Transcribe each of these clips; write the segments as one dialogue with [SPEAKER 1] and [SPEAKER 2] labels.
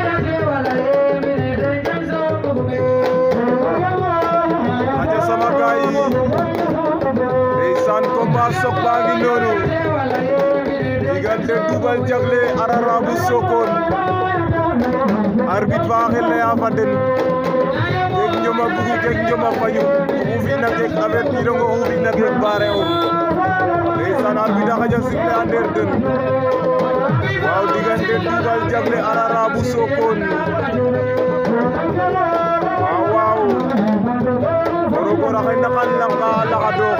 [SPEAKER 1] ndeysaan combat soog baa ngi noonu diggante Double Diaglé Arara bu Sokone arbitre baa xel yaa fa den kek ñoma bugu kek ñoma fañu xuufit na kek avertir ngo xuufit na kek baare o ndeysaan arbitre a xaja sigle a ndeer den waaw diggante tuubal jable arah rabu sokon, wow wow, koro ko raxay naxal lanqa laxadoox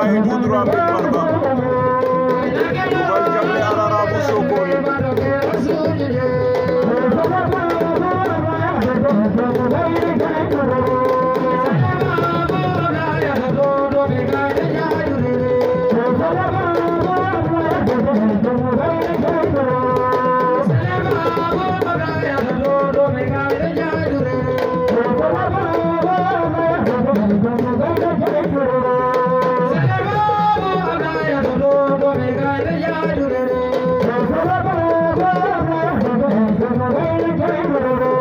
[SPEAKER 1] Ibrahim Budrabi Parva. Dubai Jamle Ararabu Sokori. Thank you. Guru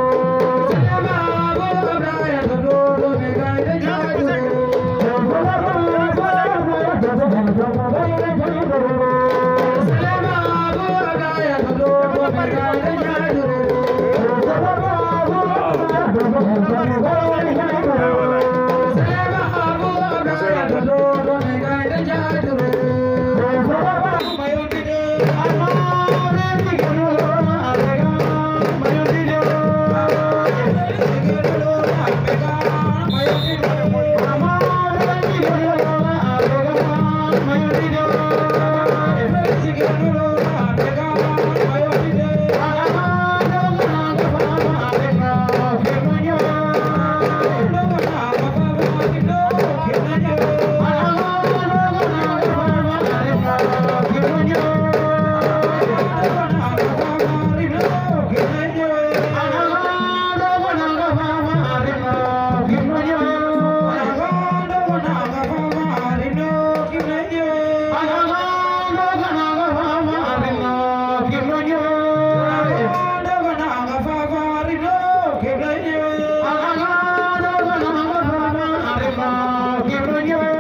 [SPEAKER 1] Give it up.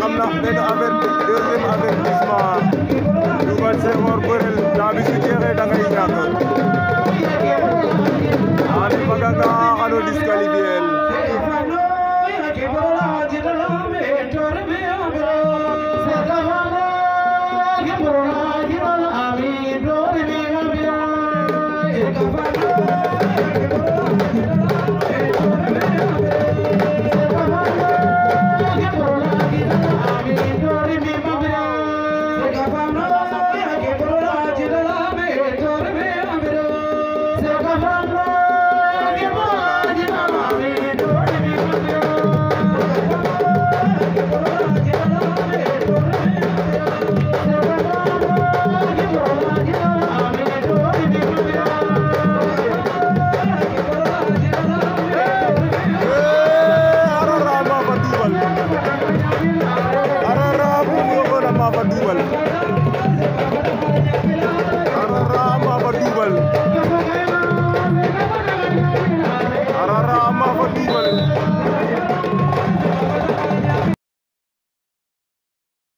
[SPEAKER 1] I'm not al-amna, ben aver,